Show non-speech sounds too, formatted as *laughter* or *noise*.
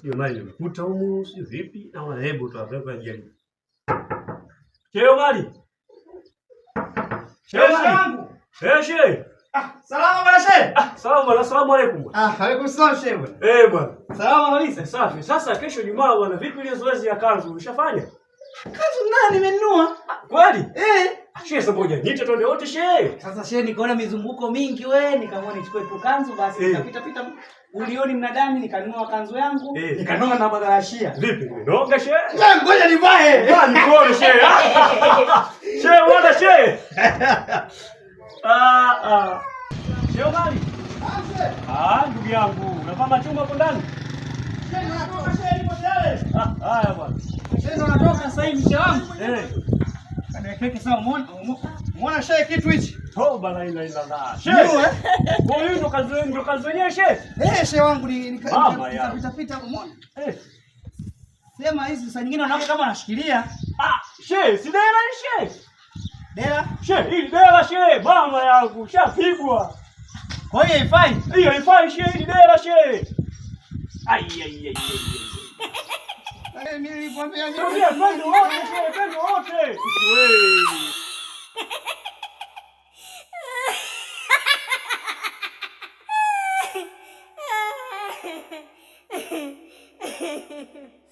Sio mali nimkuta humu, sio vipi na wanahebu tu hapo Cheo mali. Cheo wangu. Eh, shehe. Ah, salamu bwana shehe. Ah, salamu bwana, salamu alaykum. Ah, alaykum salaam shehe bwana. Eh bwana. Salamu kabisa. Eh, safi. Sasa kesho Jumaa bwana, vipi ile zoezi ya kanzu ulishafanya? Kazu nani nimenunua? Kweli? Eh. Shehe sasa moja. Nita wote shehe. Sasa shehe nikaona mizunguko mingi we, nikaamua nichukue tu kanzu basi eh. Nikapita pita ulioni mnadani nikanunua kanzu yangu, eh. Nikanona na madarashia. Vipi? Nimenoga shehe? Shehe ngoja nivae. Vaa ah, nikuone shehe. Shehe wana shehe. Ah ah. ah. ah. Shehe mali. Ah, ndugu yangu, unapamba chumba hapo ndani? Shehe, shehe ipo tayari sasa hivi mke wangu kaniwekeke sawa. Umeona shehe kitu hichi? Toba la ila ila la. Shehe. Eh? Kwa hiyo ndo kazi yenu ndo kazi yenyewe shehe. Eh, shehe wangu ni nikapita pita umeona? Eh. Sema hizi saa nyingine wanawake kama anashikilia. Ah, shehe, si dela ni shehe. Dela? Shehe, hii dela shehe, mama yangu shapigwa. Kwa hiyo haifai? Hiyo haifai shehe, hii dela shehe. Ai ai ai ai. mi quando Tô levando ontem, tô levando ontem! Ué! *laughs*